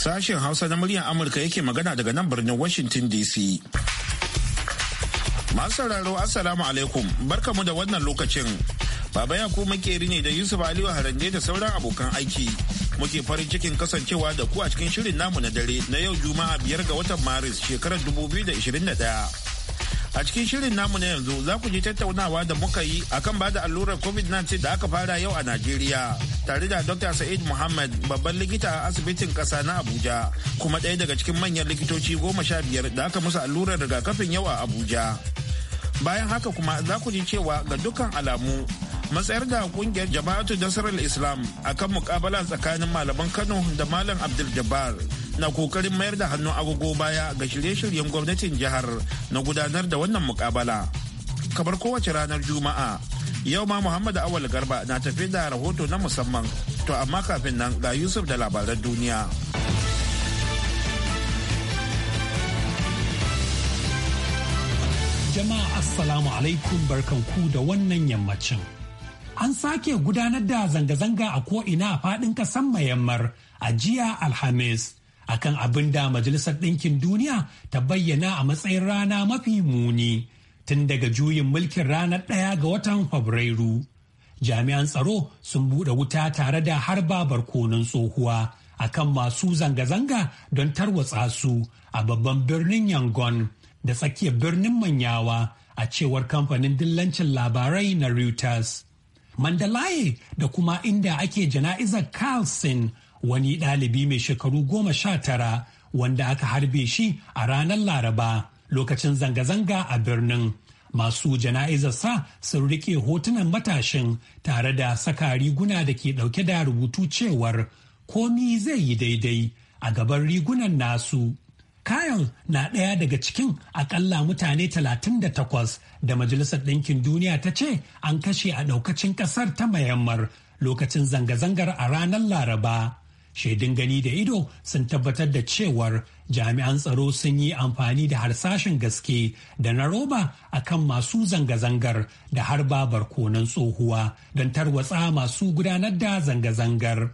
Sashen Hausa na muryar Amurka yake magana daga nan birnin Washington DC. Masu sauraro Assalamu alaikum barka mu da wannan lokacin. Baba Yakubu makeri ne da Yusuf Aliyu Harande da sauran abokan aiki. Muke farin cikin kasancewa da ku a cikin shirin namu na dare na yau Juma'a biyar ga watan Maris shekarar 2021. A cikin shirin namu na yanzu za ku ji tattaunawa da muka yi akan ba da allurar COVID-19 da aka fara yau a Najeriya tare da Dr. Sa'id Muhammad babban likita a asibitin kasa na Abuja kuma ɗaya daga cikin manyan likitoci goma sha biyar da aka musu allurar rigakafin yau a Abuja. Bayan haka kuma za ku ji cewa ga dukkan alamu matsayar da kungiyar jama'atu nasarar islam akan mukabala tsakanin malaman kano da malam abdul jabbar na kokarin mayar da hannun agogo baya ga shirye-shiryen gwamnatin jihar na gudanar da wannan mukabala kamar kowace ranar juma'a yau ma muhammad awal garba na tafi da rahoto na musamman to amma kafin nan ga yusuf da labaran duniya jama'a assalamu alaikum barkanku da wannan yammacin an sake gudanar da zanga-zanga a ko'ina a faɗin kasan mayammar a jiya alhamis akan abin da Majalisar Ɗinkin Duniya ta bayyana a matsayin rana mafi muni tun daga juyin mulkin ranar ɗaya ga watan Fabrairu. Jami'an tsaro sun buɗe wuta tare da harba barkonon tsohuwa akan masu zanga-zanga don tarwatsa su a babban birnin Yangon da tsakiyar birnin Manyawa a cewar kamfanin dillancin labarai na Reuters. Mandalaye da kuma inda ake jana'izar Carlson wani ɗalibi mai shekaru goma sha tara wanda aka harbe shi a ranar laraba lokacin zanga-zanga a birnin masu jana'izarsa sun rike hotunan matashin tare da saka riguna da ke ɗauke da rubutu cewar komi zai yi daidai a gaban rigunan nasu kayan na ɗaya daga cikin akalla mutane 38 da majalisar ɗinkin duniya ta ce an kashe a ɗaukacin ƙasar ta mayammar lokacin zanga-zangar a ranar laraba shaidun gani da ido sun tabbatar da cewar jami'an tsaro sun yi amfani da harsashen gaske da na roba a kan masu zanga-zangar da har babar konan tsohuwa don tarwatsa masu gudanar da zanga-zangar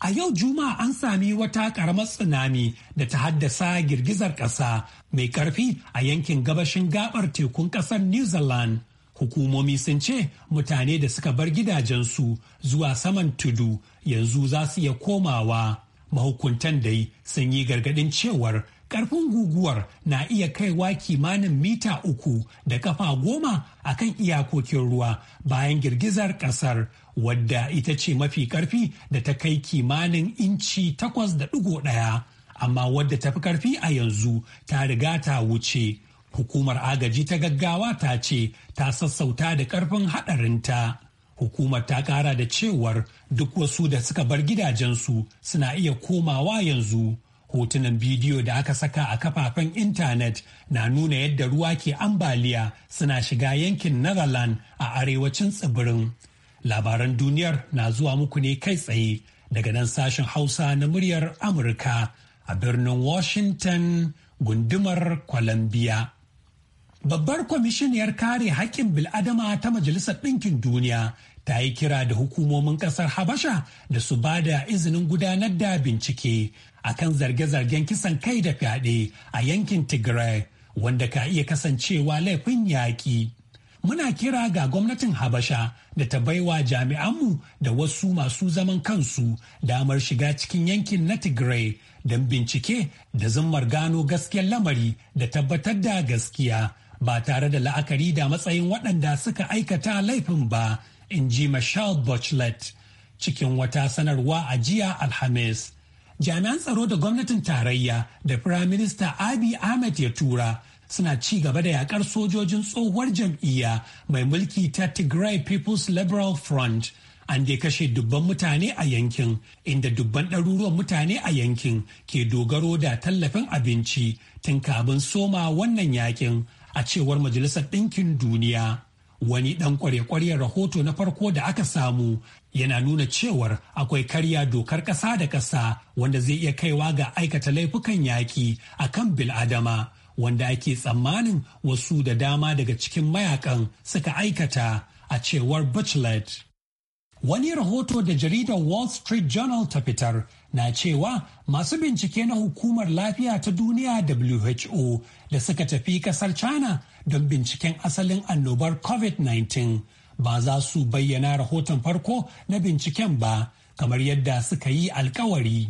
a yau juma'a an sami wata ƙaramar tsunami da ta haddasa girgizar ƙasa mai ƙarfi a yankin gabashin gabar tekun ƙasar new zealand hukumomi sun ce mutane da suka bar gidajensu zuwa saman tudu yanzu za su iya komawa mahukuntan dai sun yi gargadin cewar karfin guguwar na iya kaiwa kimanin mita uku da kafa goma a kan iyakokin ruwa bayan girgizar kasar wadda ita ce mafi karfi da ta kai kimanin inci takwas da ɗaya amma wadda ta fi karfi a yanzu ta riga ta wuce Hukumar agaji ta gaggawa ta ce ta sassauta da ƙarfin haɗarinta. Hukumar ta ƙara da cewar duk wasu da suka bar gidajensu suna iya komawa yanzu. Hotunan bidiyo da aka saka a kafafen intanet na nuna yadda ruwa ke ambaliya suna shiga yankin Netherland a arewacin tsibirin. Labaran duniyar na zuwa muku ne kai tsaye daga nan sashen Hausa na muryar Amurka a birnin Washington gundumar Columbia. Babbar kwamishiniyar kare haƙƙin bil'adama ta Majalisar Ɗinkin Duniya ta yi kira da hukumomin ƙasar Habasha da su ba da izinin gudanar da bincike a kan zarge-zargen kisan kai da fyaɗe a yankin Tigray wanda ka iya kasancewa laifin yaƙi. Muna kira ga gwamnatin Habasha da ta baiwa jami'anmu da wasu masu zaman kansu damar shiga cikin yankin na Tigray don bincike da zummar gano gaskiyar lamari da tabbatar da gaskiya. ba tare da la'akari da matsayin waɗanda suka aikata laifin ba in ji Michelle Bachelet cikin wata sanarwa a jiya Alhamis. Jami'an tsaro da gwamnatin tarayya da Firaminista Abiy Ahmed ya tura suna ci gaba da yakar sojojin tsohuwar jam'iyya mai mulki ta Tigray People's Liberal Front. An dai kashe dubban mutane a yankin, inda dubban ɗaruruwan mutane a yankin ke dogaro da tallafin abinci tun kabin soma wannan yakin a cewar Majalisar Ɗinkin Duniya. Wani ɗan kware-kware rahoto na farko da aka samu yana nuna cewar akwai karya dokar ƙasa da ƙasa wanda zai iya kaiwa ga aikata laifukan yaƙi a kan bil'adama wanda ake tsammanin wasu da dama daga cikin mayakan suka aikata a cewar Bachelet. Wani rahoto da jaridar Wall Street Journal ta fitar na cewa masu bincike na hukumar lafiya ta duniya WHO da suka tafi kasar China don binciken asalin annobar COVID-19 ba za su bayyana rahoton farko na binciken ba kamar yadda suka yi alkawari.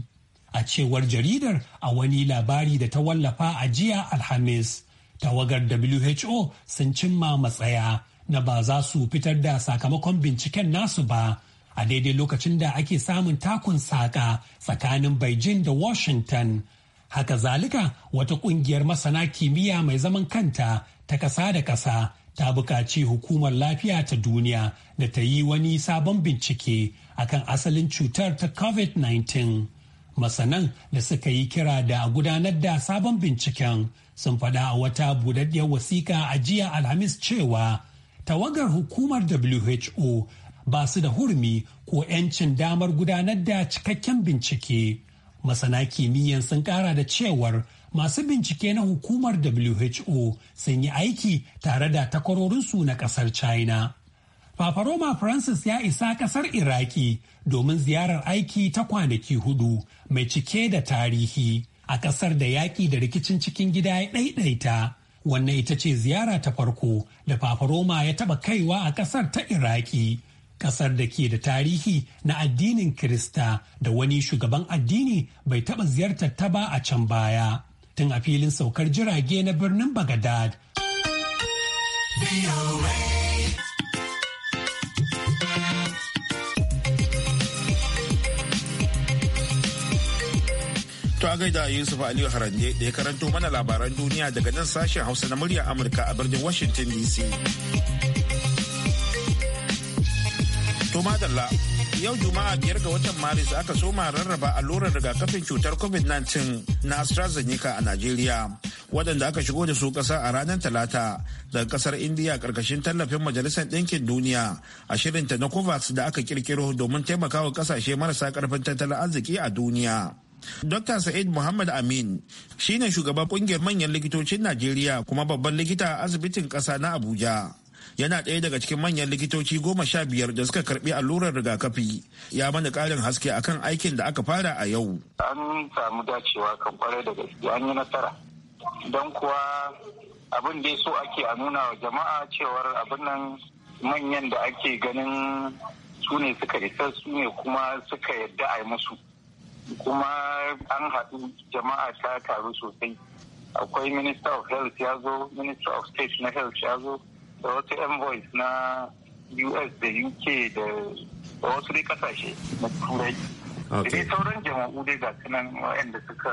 A cewar jaridar a wani labari da ta wallafa a jiya Alhamis, tawagar WHO sun cimma matsaya na ba za su fitar da sakamakon binciken nasu ba a daidai lokacin da ake samun takun saƙa tsakanin Beijing da Washington. Haka zalika wata ƙungiyar masana kimiyya mai zaman kanta ta ƙasa da ƙasa ta buƙaci hukumar lafiya ta duniya da ta yi wani sabon bincike akan asalin cutar ta COVID-19. Masanan da suka yi kira da gudanar da sabon binciken sun faɗa a wata budaddiyar wasiƙa a jiya Alhamis cewa tawagar hukumar WHO ba su da hurumi ko 'yancin damar gudanar da cikakken bincike. Masana kimiyyan sun kara da cewar masu bincike na hukumar WHO sun yi aiki tare da takwarorinsu na kasar China. Roma Francis ya isa kasar Iraki domin ziyarar aiki ta kwanaki hudu mai cike da tarihi a kasar da yaƙi da rikicin cikin gida ya ɗaiɗaita. Wannan ita ce ziyara ta farko da Roma ya taɓa kaiwa a kasar ta Iraki. Kasar da ke da tarihi na addinin Kirista da wani shugaban addini bai taɓa ziyartar ta ba a can baya. Tun a filin saukar jirage na birnin Bagadad. To a gaida Yusuf Aliyu Harande da ya karanto mana labaran duniya daga nan sashen Hausa na murya Amurka a birnin Washington DC. da la yau juma'a biyar ga watan maris aka soma rarraba allurar rigakafin cutar covid-19 na astrazeneca a najeriya waɗanda aka shigo da su ƙasa a ranar talata daga ƙasar indiya ƙarƙashin tallafin majalisar ɗinkin duniya a shirinta na covax da aka kirkiro domin taimakawa ƙasashe marasa ƙarfin tattalin arziki a duniya Dr. Sa'id Muhammad Amin shine shugaban kungiyar manyan likitocin Najeriya kuma babban likita a asibitin ƙasa na Abuja. yana ɗaya daga cikin manyan likitoci goma sha biyar da suka karbi allurar rigakafi ya mana karin haske akan aikin da aka fara a yau. an samu dacewa kan kwarai da gaske an yi nasara don kuwa abin da so ake a nuna wa jama'a cewar abin nan manyan da ake ganin su ne suka isa su ne kuma suka yadda a yi musu kuma an haɗu jama'a ta taru sosai akwai minister of health ya zo minister of state na health ya zo da wasu envoys na us da uk da wasu dai kasashe na turai da sauran jama'u dai ga sunan waɗanda suka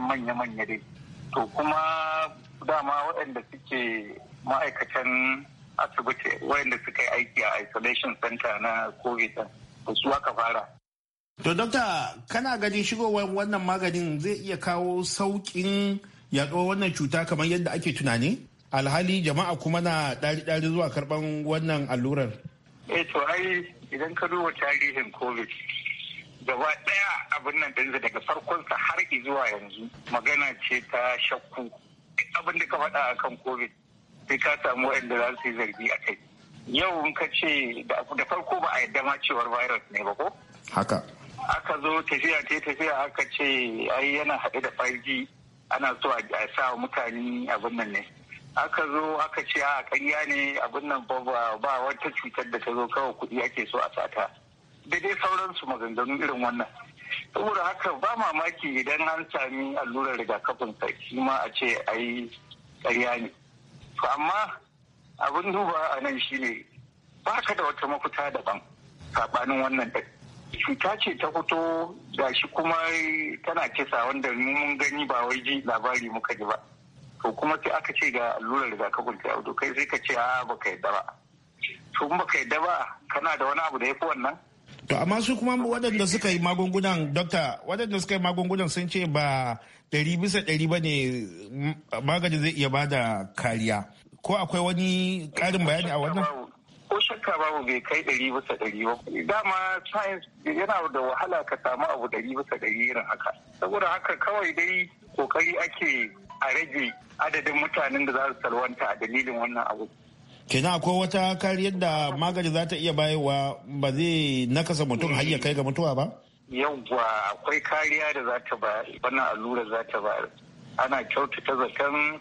manya-manya dai to kuma dama waɗanda suke ma'aikatan asibiti waɗanda suka yi aiki a isolation center na covid da su aka fara To, Dokta, kana ganin shigowar wannan maganin zai iya kawo sauƙin yaɗuwar wannan cuta kamar yadda ake tunani? alhali jama'a kuma na ɗari-ɗari zuwa karɓan wannan allurar. eh to ai idan ka duba tarihin covid gaba ɗaya abin nan ɗinsa daga farkonsa har zuwa yanzu magana ce ta shakku abin da ka faɗa a kan covid sai ka samu waɗanda za su yi zargi a kai yau in ka ce da farko ba a yadda ma cewar virus ne ba ko haka aka zo tafiya ta tafiya aka ce ai yana haɗe da 5G ana so a sa mutane abin nan ne aka zo aka ce a ƙarya ne abin nan ba ba wata cutar da ta zo kawai kuɗi ake so a sata da dai sauransu maganganu irin wannan saboda haka ba mamaki idan an sami allurar rigakafin sarki ma a ce a yi ƙarya ne to amma abin duba a nan shi ne. ba ka da wata mafita daban saɓanin wannan cuta ce ta fito shi kuma tana kisa wanda mun gani ba wai ji labari muka ji ba to kuma sai aka ce ga allurar rigakafin ta yau kai sai ka ce a ba yadda ba to kuma baka yadda ba kana da wani abu da ya fi wannan to amma su kuma waɗanda suka yi magungunan doctor waɗanda suka yi magungunan sun ce ba ɗari bisa ɗari ba ne mm, magani zai iya ba da kariya ko akwai wani ƙarin bayani a wannan ko shakka babu bai kai ɗari bisa ɗari ba dama science yana da wahala ka samu abu ɗari bisa ɗari irin haka saboda haka kawai dai kokari ake a rage adadin mutanen da za su salwanta a dalilin wannan abu. kenan akwai wata kariyar da magani za ta iya bayarwa ba zai nakasa mutum har kai ga mutuwa ba? yawwa akwai kariya da za ta ba wannan allura za ta ba ana kyautata zaton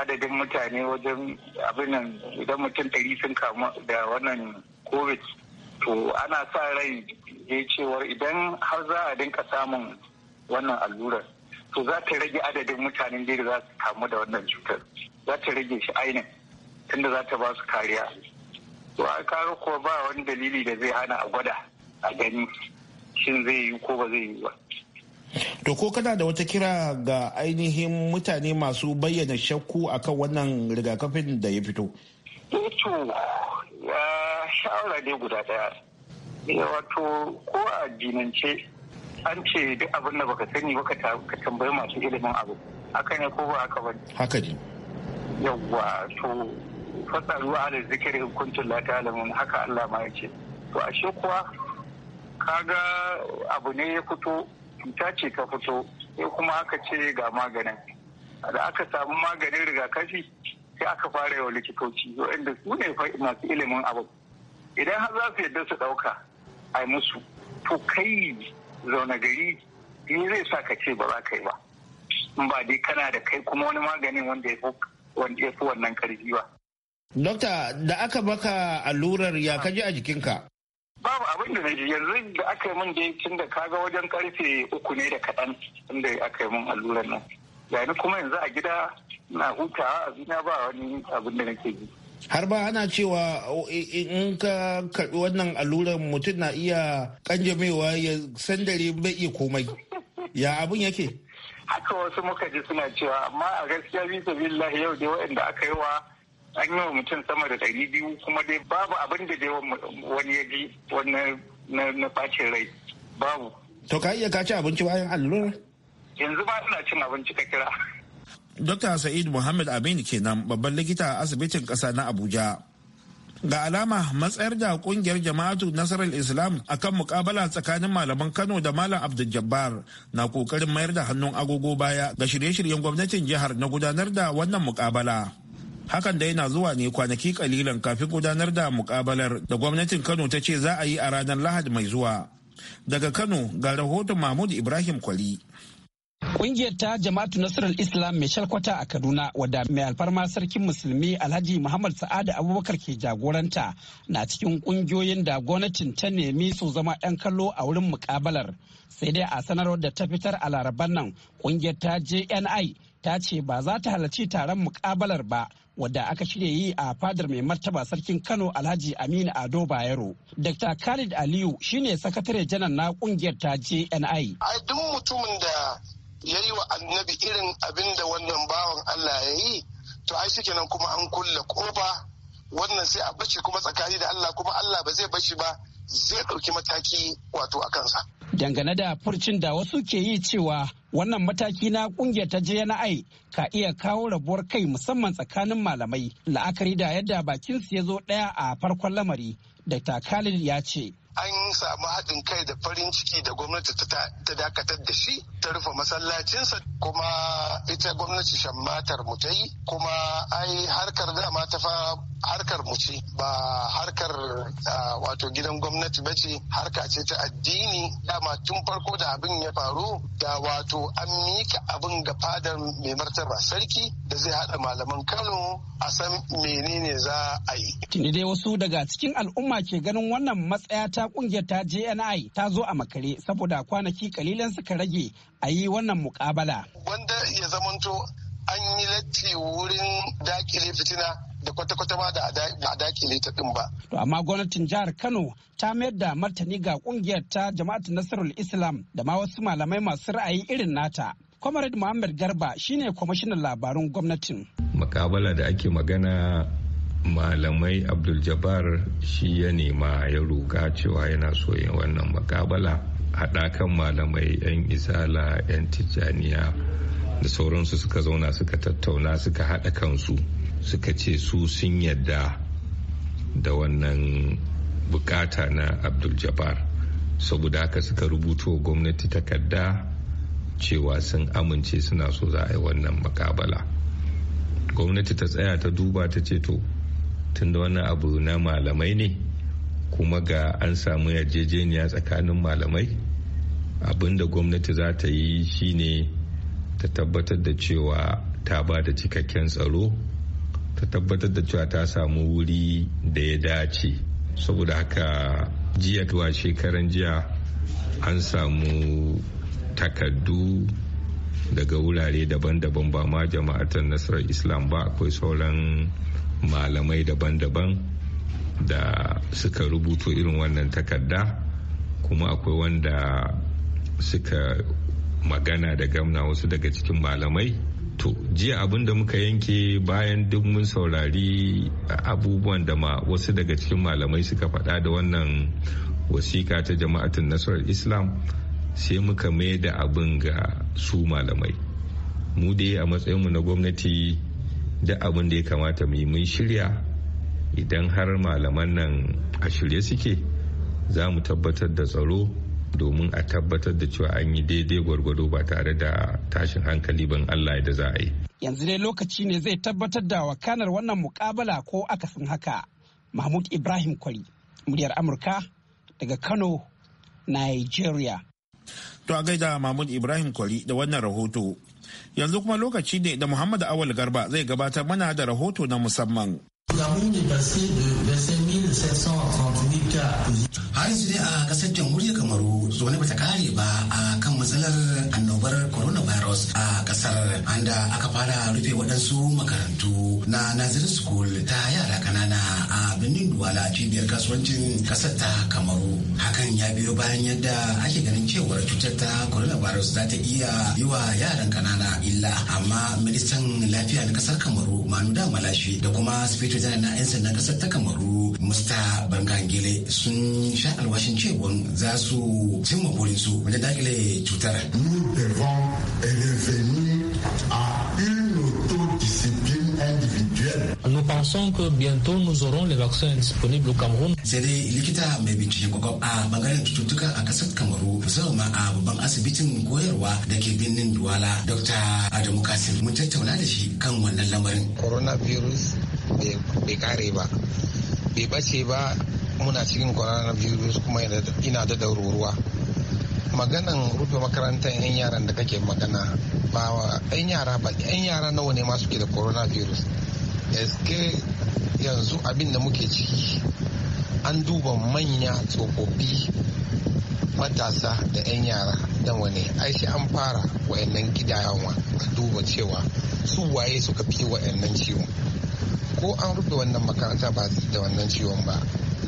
adadin mutane wajen abin nan idan mutum ɗari sun kamu da wannan covid to ana sa rai ya cewar idan har za a dinka samun wannan allurar to za ta rage adadin mutanen da za su kamu da wannan cutar za ta rage shi ainin tunda za ta ba su kariya to a karo kuwa ba wani dalili da zai hana a gwada a gani shin zai yi ko ba zai yi ba to ko kana da wata kira ga ainihin mutane masu bayyana shakku akan wannan rigakafin da ya fito eh to ah, shawara ne guda daya eh, wato ko a addinance an ce duk abin da baka sani baka ka tambayi masu ilimin abu haka ne ko ba haka ba haka ne yawwa to fasa ruwa da zikirin kuntun lati alamun haka Allah ma ya ce to ashe kuwa kaga abu ne ya fito cuta ce ta fito sai kuma aka ce ga maganin da aka samu maganin rigakafi sai aka fara yawa likitoci waɗanda su ne masu ilimin abu idan har za su yadda su ɗauka a musu to kai zaune gari ni zai sa ka ce ba za ka yi ba in ba dai kana da kai kuma wani maganin wanda ya fi wannan karfi ba. Dokta da aka baka allurar ya kaji a jikinka? Babu abin da ji yanzu da aka yi min dai tun da kaga wajen karfe uku ne da kaɗan inda aka yi min allurar nan. Yani kuma yanzu a gida na hutawa a zina ba wani abin da nake ji. har ba ana cewa oh, in ka karbi wannan alluran mutum na iya kanjamewa ya sandare bai iya komai ya abin yake haka wasu muka ji suna cewa amma a gaskiya bisa billahi yau dai waɗanda aka yi wa an yi wa mutum sama da ɗari biyu kuma dai babu abin da dai wani ya ji wani na bacin rai babu to ka iya ka abinci bayan allura yanzu ba suna cin abinci ka kira Dr. Sa'id Muhammad Amin kenan babban likita a asibitin ƙasa na Abuja. Ga alama matsayar da kungiyar jama'atu nasarar Islam a kan mukabala tsakanin malaman Kano da Malam Abdul na kokarin mayar da hannun agogo baya ga shirye-shiryen gwamnatin jihar na gudanar da wannan mukabala. Hakan da yana zuwa ne kwanaki kalilan kafin gudanar da mukabalar da gwamnatin Kano ta ce za a yi a ranar Lahadi mai zuwa. Daga Kano ga rahoton Mahmud Ibrahim Kwali. Kungiyar ta Jama'atu Nasarar Islam mai shalkwata a Kaduna wadda mai alfarma sarkin musulmi Alhaji Muhammad Sa'adu Abubakar ke jagoranta na cikin ƙungiyoyin da gwamnatin ta nemi su zama 'yan kallo a wurin mukabalar. Sai dai a sanarwar da ta fitar a laraban nan kungiyar ta JNI ta ce ba za ta halarci taron mukabalar ba wadda aka shirya yi a fadar mai martaba sarkin kano alhaji aminu ado bayero dr khalid aliyu shine sakatare janar na kungiyar ta jni duk mutumin da ya yi wa annabi irin abin da wannan bawan Allah ya yi to ai shi kenan kuma an kulle kofa wannan sai a bace kuma tsakani da Allah kuma Allah ba zai bace ba zai ɗauki mataki wato a kansa. Dangane da furcin da wasu ke yi cewa wannan mataki na kungiyar ta JNI ka iya kawo rabuwar kai musamman tsakanin malamai la'akari da yadda bakin su ya zo ɗaya a farkon lamari. Dr. Khalil ya ce an samu haɗin kai da farin ciki da gwamnati ta dakatar da shi ta rufe masallacinsa kuma ita gwamnati shammatar mu ta yi kuma ai harkar dama ta fa harkar mu ce ba harkar wato gidan gwamnati ba ce harka ce ta addini dama tun farko da abin ya faru da wato an mika abin ga fadar mai martaba sarki da zai haɗa malaman kano a san menene za a yi. Tuni dai wasu daga cikin al'umma ke ganin wannan matsaya ta kungiyar ta JNI ta zo a makare saboda kwanaki kalilan suka rage a yi wannan mukabala. Wanda ya zamanto an yi latti wurin dakile fitina da kwata-kwata ma da a dakile ta din ba. To amma gwamnatin jihar Kano ta mayar da martani ga kungiyar ta jama'atu Nasarul Islam da ma wasu malamai masu ra'ayi irin nata. Comrade Muhammad Garba shine kwamishinan labarun gwamnatin. Makabala da ake magana malamai abdul jabbar shi ya nema ya roƙa cewa yana so wannan makabala haɗakan malamai 'yan isala 'yan tijjaniya da sauransu suka zauna suka tattauna suka haɗa kansu suka ce su sun yadda da wannan bukata na abdul jabbar saboda haka suka rubuto gwamnati takarda cewa sun amince suna so za a yi wannan makabala gwamnati ta tsaya ta duba ta ce to tunda wannan abu na malamai ne kuma ga an samu yarjejeniya tsakanin malamai abinda gwamnati za ta yi shine ta tabbatar da cewa ta ba da cikakken tsaro ta tabbatar da cewa ta samu wuri da ya dace saboda haka jiya tuwa shekaran jiya an samu takardu daga wurare daban-daban ba ma jama'atar nasarar islam ba akwai sauran malamai daban-daban da suka rubuto irin wannan takarda kuma akwai wanda suka magana da gamna wasu daga cikin malamai to jiya abin da muka yanke bayan duk mun saurari abubuwan da ma wasu daga cikin malamai suka faɗa da wannan wasiƙa ta jama'atin nasarar islam sai muka mai da abin ga su malamai mu dai a matsayinmu na gwamnati duk abin da ya kamata mu yi mun shirya idan har malaman nan a shirye suke za mu tabbatar da tsaro domin a tabbatar da cewa an yi daidai gwargwado ba tare da tashin hankali ban Allah da za a yi. Yanzu dai lokaci ne zai tabbatar da wakanar wannan mukabala ko akasin haka. Mahmud Ibrahim Kwari, muryar Amurka daga Kano, Nigeria. To a gaida Mahmud Ibrahim Kwari da wannan rahoto Yanzu kuma lokaci ne da Muhammad Awal Garba zai gabatar mana da rahoto na musamman. har yanzu dai a kasar jamhuriyar kamaru zuwa ba ta kare ba a kan matsalar annobar coronavirus a kasar anda aka fara rufe waɗansu makarantu na nazirin school ta yara kanana a birnin duwala a cibiyar kasuwancin kasar ta kamaru hakan ya biyo bayan yadda ake ganin cewar cutar ta coronavirus za ta iya yi wa yaran kanana illa amma ministan lafiya na kasar kamaru manu da malashi da kuma sifito janar na 'yan sanda kasar ta kamaru musta bangangele sun sha alwashin cewa za su cimma burinsu wajen dakile cutar. Nous devons pensons que bientôt nous aurons les vaccins disponibles au Cameroun. Sai dai likita mai bincike kwakwab a bangaren cututtuka a kasar Kamaru musamman a babban asibitin koyarwa da ke birnin Duwala Dr. Adamu Kasim mun tattauna da shi kan wannan lamarin. Coronavirus bai kare ba bai bace ba muna cikin coronavirus kuma ina da daururuwa. maganan rufe makarantar 'yan yaran da kake magana ba 'yan yara ba 'yan yara nawa ne masu suke da coronavirus eske yanzu abin da muke ciki an duba manya tsofaffi matasa da 'yan yara don wane ai an fara wayannan gidayawa a duba cewa su waye suka fi nan ciwon ko an rufe wannan makaranta ba da wannan ciwon ba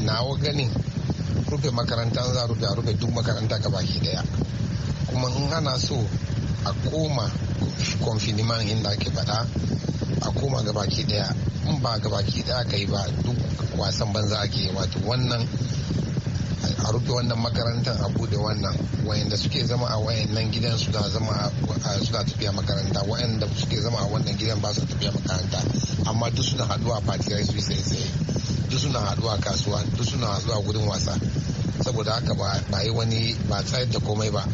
nawa ganin rufe makaranta za rufe a rufe duk makaranta ka baki daya kuma in ana so a koma konfiniman inda ake faɗa a koma gabaki daya in ba gabaki daya aka yi ba duk wasan banza ake wato wannan a rufe wannan makarantar a bude wannan wayanda suke zama a wayannan gidan suna zama tafiya makaranta wayanda suke zama a wannan gidan ba su tafiya makaranta amma duk suna haduwa fatiya su yi sai sai duk suna haduwa kasuwa duk suna haduwa gudun wasa saboda haka ba yi wani ba tsayar da komai ba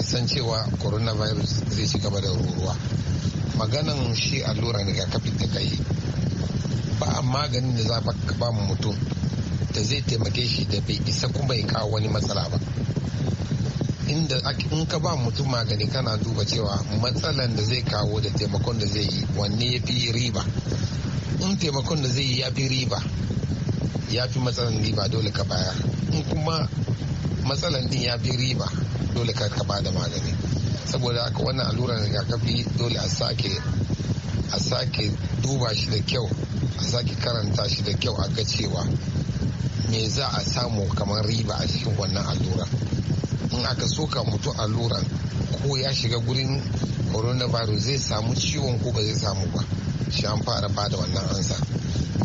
a san cewa coronavirus zai ci gaba da ruruwa maganan shi alluran rigakafin da kai ba a maganin da za ka ba mu mutum da zai taimake shi da bai isa kuma ya kawo wani matsala ba inda in ka ba mutum magani kana duba cewa matsalan da zai kawo da taimakon da zai yi wanne ya fi riba in taimakon da zai yi ya fi riba ya fi matsalan riba dole ka bayar in kuma matsalan din ya fi riba dole ka ka bada magani saboda haka wannan allurar rigakafi dole a sake a sake duba shi da kyau a sake karanta shi da kyau a ga cewa me za a samu kamar riba a cikin wannan allurar in aka soka mutum alluran ko ya shiga gurin coronavirus zai samu ciwon ko ba zai samu ba shi an fara bada wannan ansa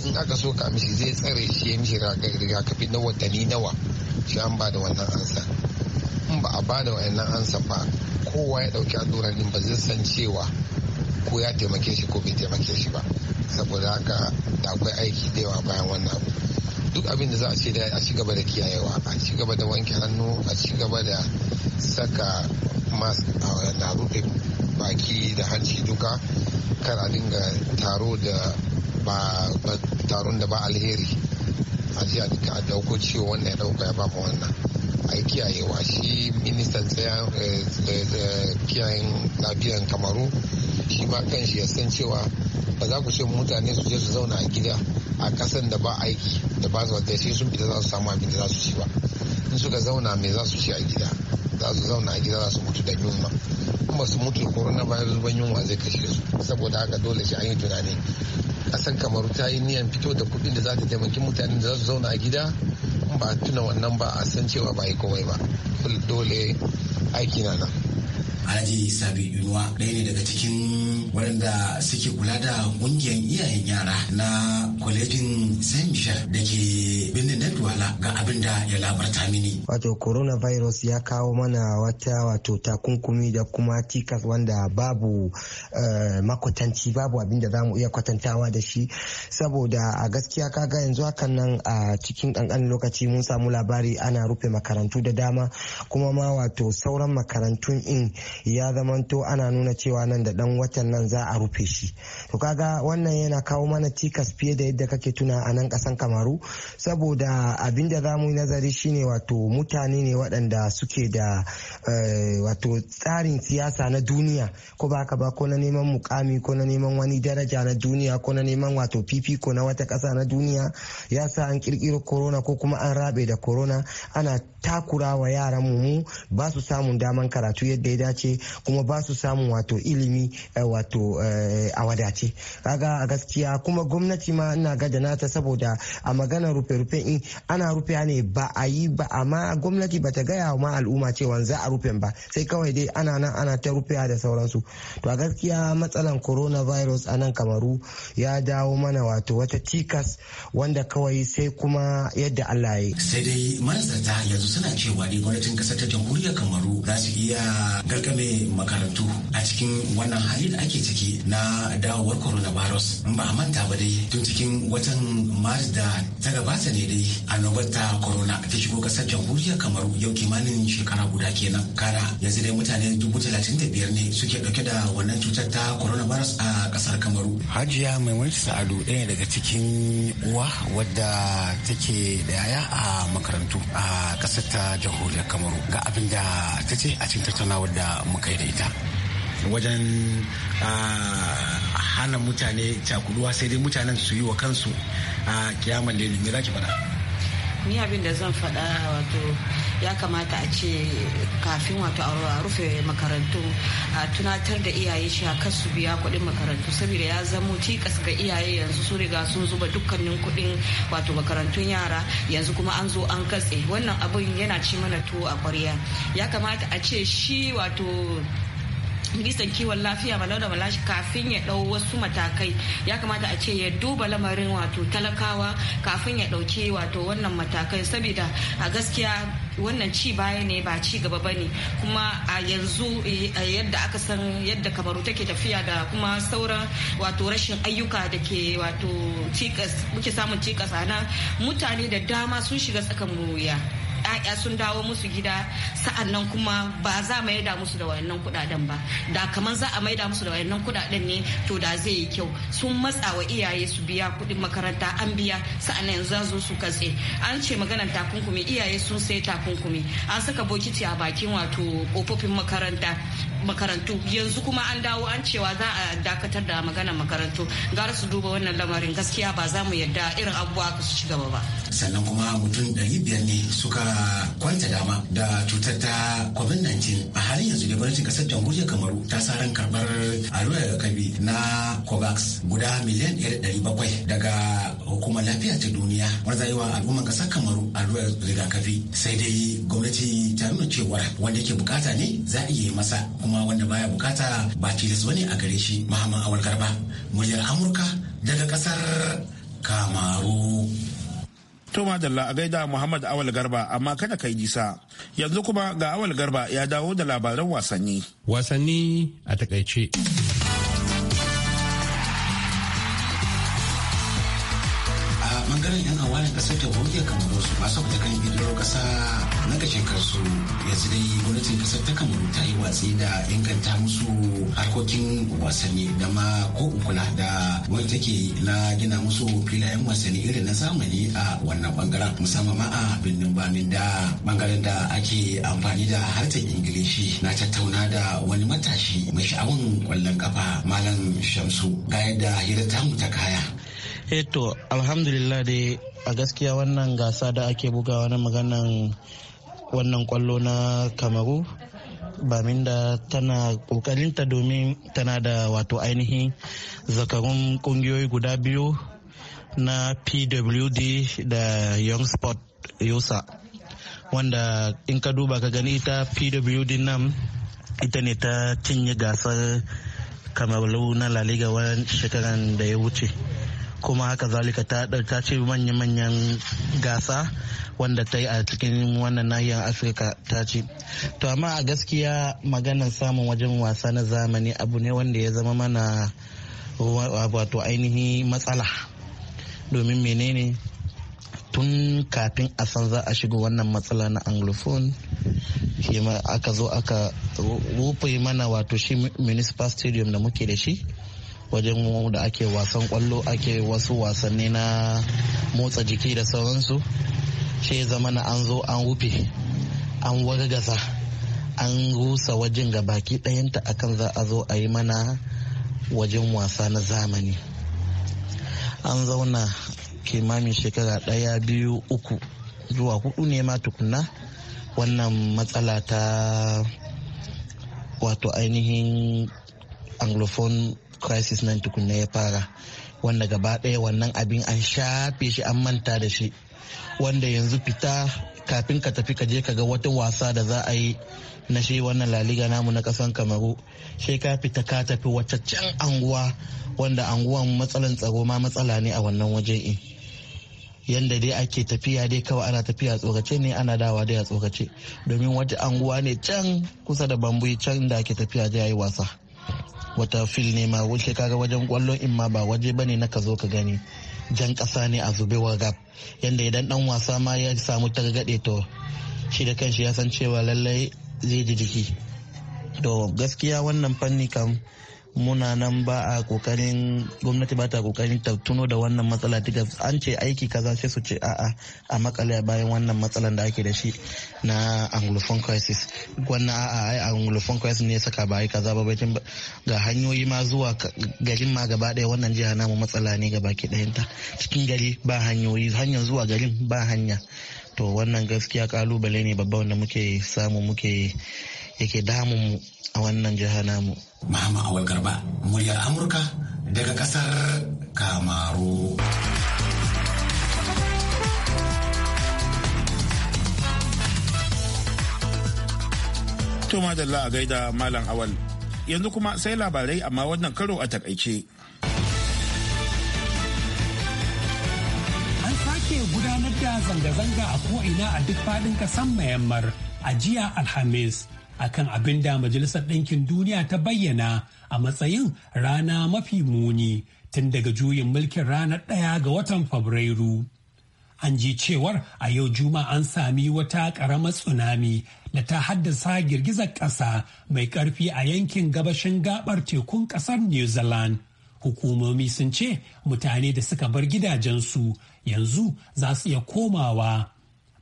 in aka soka mishi zai tsare shi ya mishi rigakafi na watanni nawa shi an ba da wannan ansa in ba a ba da wannan ansa ba kowa ya dauki alluran din ba zai san cewa ko ya taimake shi ko bai taimake shi ba saboda haka da akwai aiki da yawa bayan wannan abu duk abin da za a ce da a cigaba gaba da kiyayewa a ci gaba da wanke hannu a ci gaba da saka mask na rufe baki da hanci duka kar a dinga taro da ba taron da ba alheri a ce a dauko ciwo wannan ya dauka ya ba wannan a yi kiyayewa shi ministan eh, eh, eh, kiyayen lafiyan kamaru shi ma kan shi ya san cewa ba za ku ce mutane su je su zauna a gida a kasan da ba aiki da ba su shi sun fita za su samu abin da za su ci ba in suka zauna me za su ci a gida za su zauna a gida za su mutu da yunwa kuma su mutu coronavirus ban yunwa zai kashe su saboda haka dole shi an yi tunani san kamaru ta yi niyan fito da kuɗin da za ta taimaki mutanen da za su zauna a gida ba tuna wannan ba a san cewa ba yi komai ba dole aiki na nan Alhaji Sabi Inuwa ɗaya ne daga cikin waɗanda suke kula da ƙungiyar iyayen yara na kwalejin Saint Michel da ke birnin Dadwala ga abin da ya labarta mini. Wato coronavirus ya kawo mana wata wato takunkumi da kuma tikas wanda babu eh, makwatanci babu abin da mu iya kwatantawa da shi saboda a gaskiya kaga yanzu hakan nan a cikin ƙanƙanin lokaci mun samu labari ana rufe makarantu da dama kuma ma wato sau sauran makarantun in ya zamanto ana nuna cewa nan da dan watan nan za a rufe shi to kaga wannan yana kawo mana cikas fiye da yadda kake tuna a nan kasan kamaru saboda abin da za nazari shine wato mutane ne waɗanda suke da eh, wato tsarin siyasa na duniya ko ba ka ba ko na neman mukami ko na neman wani daraja na duniya ko na neman wato fifiko na wata kasa na duniya ya sa an kirkiro corona ko kuma an rabe da corona ana takurawa yaran mu ba su samu samun daman karatu yadda ya dace kuma ba su samun wato ilimi eh, wato eh, a wadace kaga a gaskiya kuma gwamnati ma ina ga da nata saboda a magana rufe-rufe in ana rufe ne ba a yi ba amma gwamnati ba ta gaya ma al'umma cewa za a rufe ba sai kawai dai ana nan ana ta rufe da sauransu to a gaskiya matsalan coronavirus a nan kamaru ya dawo mana wato wata tikas wanda kawai sai kuma yadda Allah ya yi sai dai manzata yanzu suna cewa ne gwamnatin kasar ta jamhuriyar kamaru za su iya gagame makarantu a cikin wannan hali da ake ciki na dawowar coronavirus in ba manta ba dai tun cikin watan maris da ta gabata ne dai annobar ta corona ta shigo kasar jamhuriyar kamaru yau kimanin shekara guda kenan kara yanzu dai mutane dubu talatin da biyar ne suke dauke da wannan cutar ta coronavirus a kasar kamaru hajiya mai wani sa'adu ɗaya daga cikin uwa wadda take da yaya a makarantu a kasar ta jamhuriyar kamaru ga abin da ta ce a cikin tattaunawar da muka yi da ita wajen hana mutane cakuluwa sai dai mutanen su yi wa kansu a kiyaman lelu me za ki faɗa ni abin da zan faɗa wato ya kamata a ce kafin wato a rufe makarantu a tunatar da iyaye shi a su biya kuɗin makarantu saboda ya zamo cikas ga iyaye yanzu su riga sun zuba dukkanin kuɗin wato makarantun yara yanzu kuma an zo an katse wannan abin yana ci mana tuwo a ƙwarya ya kamata a ce shi wato ministan kiwon lafiya malau da malashi kafin ya dau wasu matakai ya kamata a ce ya duba lamarin wato talakawa kafin ya ɗauki wato wannan matakai saboda a gaskiya wannan ci baya ne ba ci gaba ba ne kuma a yanzu eh, yadda aka san yadda kamaru take tafiya da kuma sauran wato rashin ayyuka da ke wato muke samun cikas a nan mutane da dama sun shiga tsakan wuya 'ya'ya sun dawo musu gida sa'an nan kuma ba za mu da musu da wayannan kudaden ba da kamar za a maida musu da wayannan kudaden ne to da zai yi kyau sun matsa wa iyaye su biya kudin makaranta an biya sa'an nan yanzu zo su katse an ce maganar takunkumi iyaye sun sai takunkumi an saka bokiti a bakin wato kofofin makaranta makarantu yanzu kuma an dawo an cewa za a dakatar da magana makarantu gara su duba wannan lamarin gaskiya ba za mu yadda irin abubuwa su ci gaba ba sannan kuma mutum ɗari biyar ne suka kwanta dama da cutar ta covid-19 a halin yanzu da gwamnatin kasar jamhuriyar kamaru ta saran karbar allurar kabi na covax guda miliyan ɗari daga hukumar lafiya ta duniya wanda yi wa al'umman kasar kamaru allurar rigakafi sai dai gwamnati ta nuna cewa wanda ke bukata ne za a iya masa kuma kuma wanda baya bukata ba tilas bane a gare shi Muhammad Awal Garba muryar Amurka daga kasar Kamaru To madalla a gaida Muhammad Awal Garba amma kada kai nisa. Yanzu kuma ga Awal Garba ya dawo da labaran wasanni. Wasanni a takaice. tsarin kasar goge kamaru masu kan bidiyo kasa na gashe kansu yanzu dai gwamnatin kasar ta kamaru ta yi watsi da inganta musu harkokin wasanni da ma ko kula da wani take na gina musu filayen wasanni irin na zamani a wannan bangaren musamman ma a birnin bamin da bangaren da ake amfani da harshen ingilishi na tattauna da wani matashi mai sha'awan kwallon kafa malam shamsu ga yadda hira ta mu ta kaya. Eto eh alhamdulillah dai a gaskiya wannan gasa da ake bugawa na maganan wannan kwallo na kamaru baminda tana kokarinta domin tana da wato ainihin zakarun kungiyoyi guda biyu na pwd da young sport yosa wanda in ka duba ka gani ita pwd nan ita ne ta cinye gasar kamaru na laliga wani shekaran da ya wuce kuma haka zalika ta ce manya-manyan gasa wanda ta yi a cikin wannan nahiyar afirka ta ce to amma a gaskiya maganar samun wajen wasa na zamani abu ne wanda ya zama mana wato ainihi matsala domin menene tun kafin a san za a shiga wannan matsala na anglophone aka zo aka rufe mana wato shi municipal stadium da muke da shi wajen da ake wasan kwallo ake wasu wasanni na motsa jiki da sauransu shi zama na an zo an wufe an wargasa an rusa wajen ga baki ɗayanta akan za a zo a yi mana wajen wasa na zamani an zauna kimamin shekara ɗaya biyu uku zuwa hudu ne ma tukunna wannan matsala ta wato ainihin anglophone crisis nan tukunna ya fara wanda gaba ɗaya wannan abin an shafe shi an manta da shi wanda yanzu fita kafin ka tafi ka je ka ga wata wasa da za a yi na shi wannan laliga namu na kasan kamaru sai ka fita ka tafi wata can anguwa wanda anguwan matsalan tsaro ma matsala ne a wannan waje in yanda dai ake tafiya dai kawai ana tafiya tsokace ne ana dawa dai a tsokace domin wata anguwa ne can kusa da bambu can da ake tafiya dai yi wasa wata fil ne ma wuce kaga wajen kwallon in ma ba waje ba ne na ka zo ka gani jan kasa ne a zube gab yadda idan dan wasa ma ya samu targaɗe to shi da kanshi ya san cewa lallai zai ji jiki to gaskiya wannan fanni kam muna nan ba a kokarin gwamnati ba ta kokarin ta tuno da wannan matsala daga an ce aiki kaza sai su ce a'a a makale bayan wannan matsalan da ake da shi na anglophone crisis wannan a'a ai anglophone crisis ne saka ba ai kaza ba bacin ga hanyoyi ma zuwa garin ma gaba ɗaya wannan jiha namu matsala ne gaba ki dayanta cikin gari ba hanyoyi hanyar zuwa garin ba hanya to wannan gaskiya kalubale ne babba wanda muke samu muke yake damun mu a wannan jiha namu Mahama Awal Garba, muryar Amurka daga kasar Kamaru. Tuma da a gaida Malam Awal. Yanzu kuma sai labarai amma wannan karo a takaice. An sake gudanar da zanga-zanga a ko'ina a duk faɗin ƙasar mayammar a jiya Alhamis. akan abin da majalisar ɗinkin duniya ta bayyana a matsayin rana mafi muni tun daga juyin mulkin ranar ɗaya ga watan fabrairu an ji cewar a yau juma an sami wata ƙaramar tsunami da ta haddasa girgizar ƙasa mai ƙarfi a yankin gabashin gabar tekun ƙasar new zealand hukumomi sun ce mutane da suka bar gidajensu yanzu za su iya komawa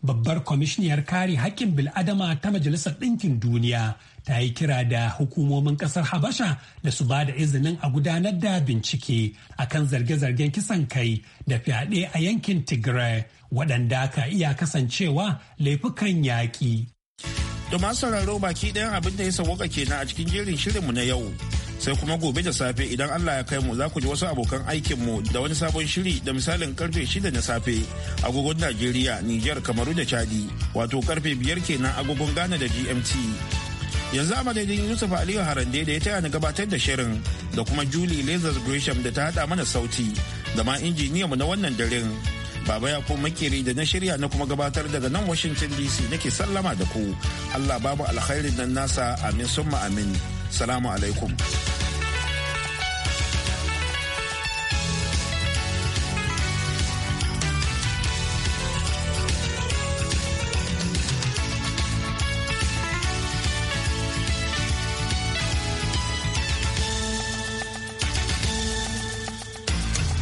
babbar kwamishiniyar kare hakkin bil'adama ta majalisar ɗinkin duniya ta yi kira da hukumomin ƙasar habasha da su ba da izinin a gudanar da bincike kan zarge-zargen kisan kai da fyaɗe a yankin tigray waɗanda ka iya kasancewa laifukan yaƙi. Domin sauraro baki ɗayan abin da ya sauwaka kenan a cikin jerin shirinmu na yau. sai kuma gobe da safe idan Allah ya kai mu za ku ji wasu abokan mu da wani sabon shiri da misalin karfe shida na safe agogon Najeriya, Nijar, Kamaru da Chadi wato karfe biyar kenan agogon Ghana da GMT. Yanzu a madadin Yusuf Aliyu Harande da ya taya ni gabatar da shirin da kuma Julie Lazarus Gresham da ta hada mana sauti da ma mu na wannan daren. Baba ya ko makeri da na shirya na kuma gabatar daga nan Washington DC nake sallama da ku. Allah babu alkhairin nan nasa amin summa amin. Salamu alaikum.